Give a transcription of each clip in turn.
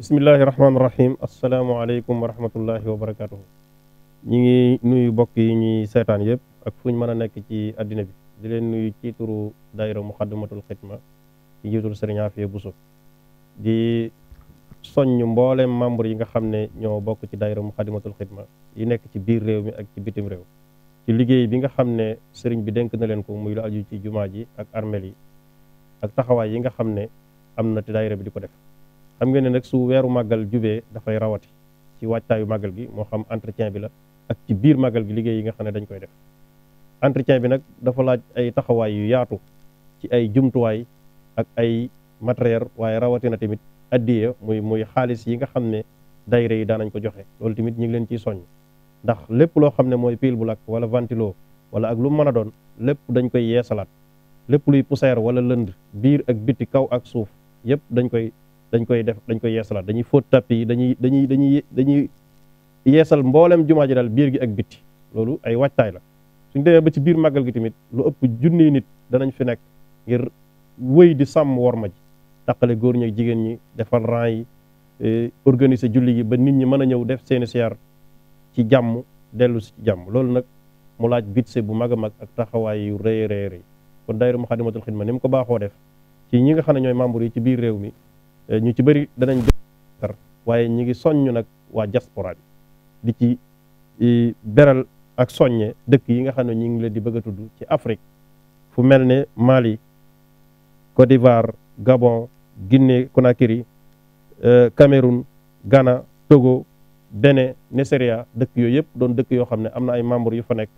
bismillahi rahmaani rahim asalaamaaleykum wa rahmatullahi wa barakatuhu ñi ngi nuyu bokk yi ñuy seetaan yëpp ak fu ñu mën a nekk ci àddina bi di leen nuyu ciituru turu daayira muxaddamatul xidma ci jiitul sëriñ Afiya Buso di soññ mboolem membre yi nga xam ne ñoo bokk ci daayira muxaddamatul xidma yi nekk ci biir réew mi ak ci bitim réew ci liggéey bi nga xam ne sëriñ bi denk na leen ko muy lu aju ci jumaa ji ak armel yi ak taxawaay yi nga xam ne am na te daayira bi di ko def xam ngeen ne nag su weeru màggal jubee dafay rawati ci waajtaayu màggal gi moo xam entretien bi la ak ci biir màggal gi liggéey yi nga xam ne dañ koy def entretien bi nag dafa laaj ay taxawaay yu yaatu ci ay jumtuwaay ak ay matériel waaye rawatina tamit addiye muy muy xaalis yi nga xam ne dayre yi daanañ ko joxe loolu tamit ñu ngi leen ciy soññ ndax lépp loo xam ne mooy pile bu lakk wala ventilo wala ak lu mën a doon lépp dañ koy yeesalaat lépp luy poussière wala lënd biir ak biti kaw ak suuf yëpp dañ koy dañ koy def dañ koy yeesalaat dañuy fóot tapp yi dañuy dañuy dañuy dañuy yeesal mboolem jumaa ji daal biir gi ak bitti loolu ay waajtaay la suñ demee ba ci biir màggal gi tamit lu ëpp junniy nit danañ fi nekk ngir wëy di sàmm worma ji taqale góor ñi ak jigéen ñi defal rang yi eh, organiser julli gi ba nit ñi mën a ñëw def seeni siyaar ci jàmm dellu si jàmm loolu nag mu laaj budget bu mag a mag ak taxawaay yu rëy rëy rëy kon daayira Muxaddamatul Xidma ni mu ko baaxoo def ci ñi nga xam ne ñooy membre yi ci biir réew mi ñu ci bari danañ tar waaye ñu ngi soññ nag waa diaspora bi di ci beral ak soññe dëkk yi nga xam ne ñu ngi leen di bëgg a tudd ci Afrique fu mel ne Mali Côte d'Ivoire Gabon Guinée Conakry euh, Cameroun Ghana Togo Bénin Nigeria dëkk yooyu yëpp doon dëkk yoo xam ne am na ay membres yu fa nekk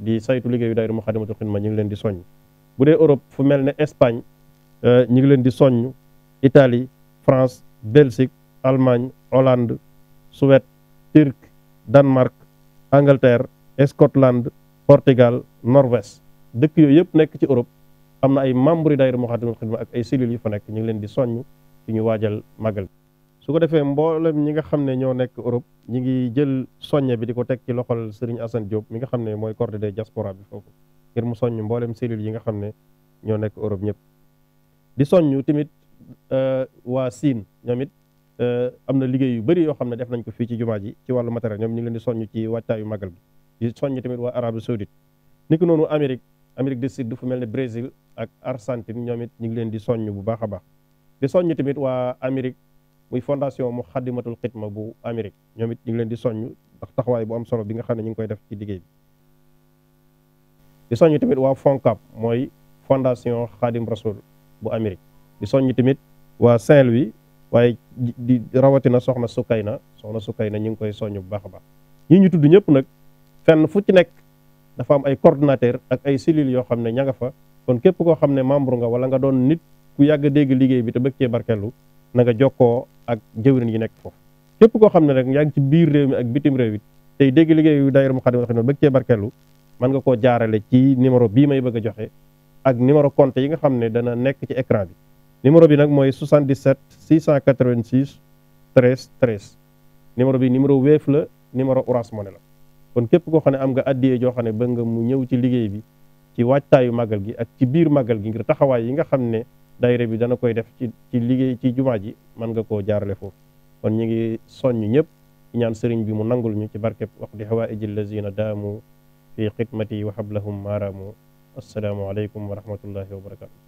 di saytu liggéeyu daayira Moukhaddamatoul ma ñu ngi leen di soññ bu dee Europe fu mel ne Espagne euh, ñu ngi leen di soññ itali France Belgique Allemagne Hollande Suède Turc Danemark Angleterre Scotland Portugal Norvège dëkk yooyu yëpp nekk ci Europe am na ay membres yu daayira Moukhaddamatoul Khidma ak ay cellules yu fa nekk ñu ngi leen di soññ ci ñu waajal màggal bi su ko defee mboolem ñi nga xam ne ñoo nekk Europe ñi ngi jël soññe bi di ko teg ci loxol Serigne Assane Diop mi nga xam ne mooy coordonnateur diaspora bi foofu ngir mu soññ mbooleem cellules yi nga xam ne ñoo nekk Europe ñëpp di soññ tamit waa Siin ñoom it euh, am na liggéey yu bëri yoo xam ne def nañ ko fii ci jumaa ji ci wàllu matériel ñoom ñu ngi leen di soññ ci waajtaayu màggal gi di soññ tamit waa Arabie Saoudite ni ko noonu Amérique Amérique du Sud fu mel ne Brésil ak Argentine ñoom it ñu ngi leen di soññ bu baax a baax di soññ tamit waa Amérique muy fondation mu xaddimatul xidma bu amerique ñoom it ñu ngi leen di soññ ndax taxawaay bu am solo bi nga xam ne ñu ngi koy def ci liggéey bi di soññ tamit waa FONCAB mooy fondation Xaadim Rasul bu Amérique di soññ tamit waa saint wi waaye di rawatina soxna na soxna na ñu ngi koy soññ bu baax a baax ñi ñu tudd ñëpp nag fenn fu ci nekk dafa am ay coordonnateur ak ay cellules yoo xam ne ña nga fa kon képp koo xam ne membre nga wala nga doon nit ku yàgg dégg liggéey bi te bëgg cee barkeelu na nga jokkoo ak jëwrin yi nekk ko képp koo xam ne rek yaa ngi ci biir réew mi ak bitim réew it tey dégg liggéey yu daayira Moukhaddamatoul Khidma bëgg cee barkeelu mën nga koo jaarale ci numéro bii may bëgg a joxe ak numéro compte yi nga xam ne dana nekk ci écran bi numéro bi nag mooy 77 686 13 13 numéro bi numéro Wave la numéro Orange Money la kon képp koo xam ne am nga addiyee joo xam ne bëgg nga mu ñëw ci liggéey bi ci waajtaayu màggal gi ak ci biir màggal gi ngir taxawaay yi nga xam ne daayira bi dana koy def ci ci liggéey ci jumaa ji mën nga koo jaarale foofu kon ñu ngi soññ ñëpp ñaan sëriñ bi mu nangul ñu ci barkeb wax di hawaaiji lazina daamu fi xidmati wa hablahum maaraamu assalaamu aleykum wa rahmatullahi wa barakatu